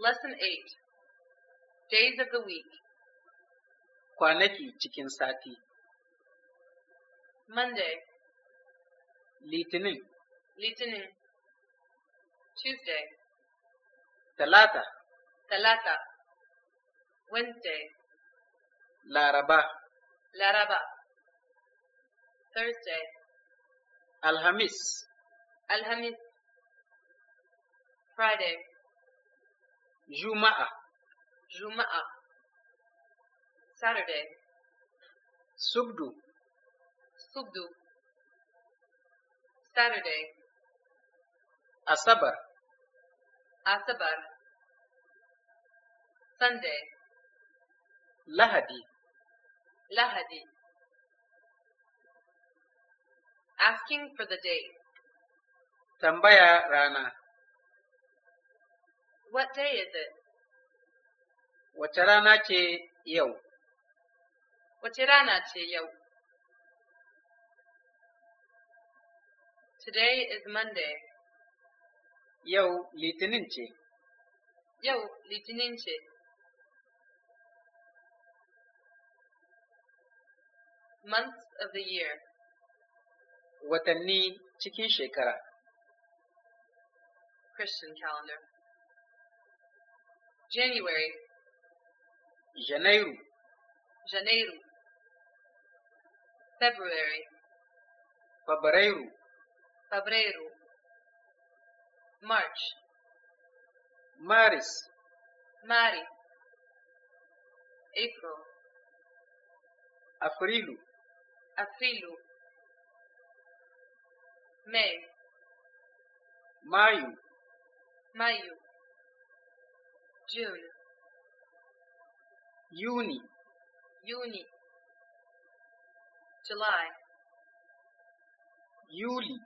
Lesson 8 Days of the Week Kwanaki cikin sati Monday Litinin Litinin Tuesday Talata Talata Wednesday Laraba Laraba Thursday Alhamis Alhamis Friday Juma'a. Juma'a. Saturday. Subdu. Subdu. Saturday. Asabar. Asabar. Sunday. Lahadi. Lahadi. Asking for the date. Tambaya rana. What day is it? Wace rana ce yau? Wace rana ce yau? Today is Monday. Yau litinin ce. Yau litinin ce. Months of the year. Watanni cikin shekara. Christian calendar. January. Janeiro. Janeiro. February. Fevereiro. Fevereiro. March. Maris. Mari. April. Afrilu. Afrilu. May. Maio. Maio. June. Juni. Juni. July. Juli.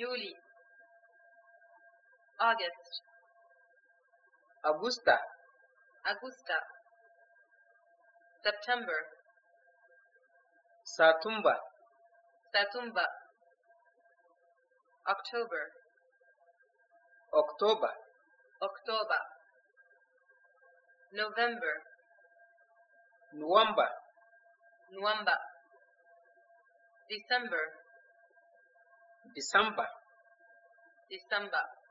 Juli. August. Augusta. Augusta. September. Satumba. Satumba. October. October. October. November. Nuamba. Nuamba. December. December. December.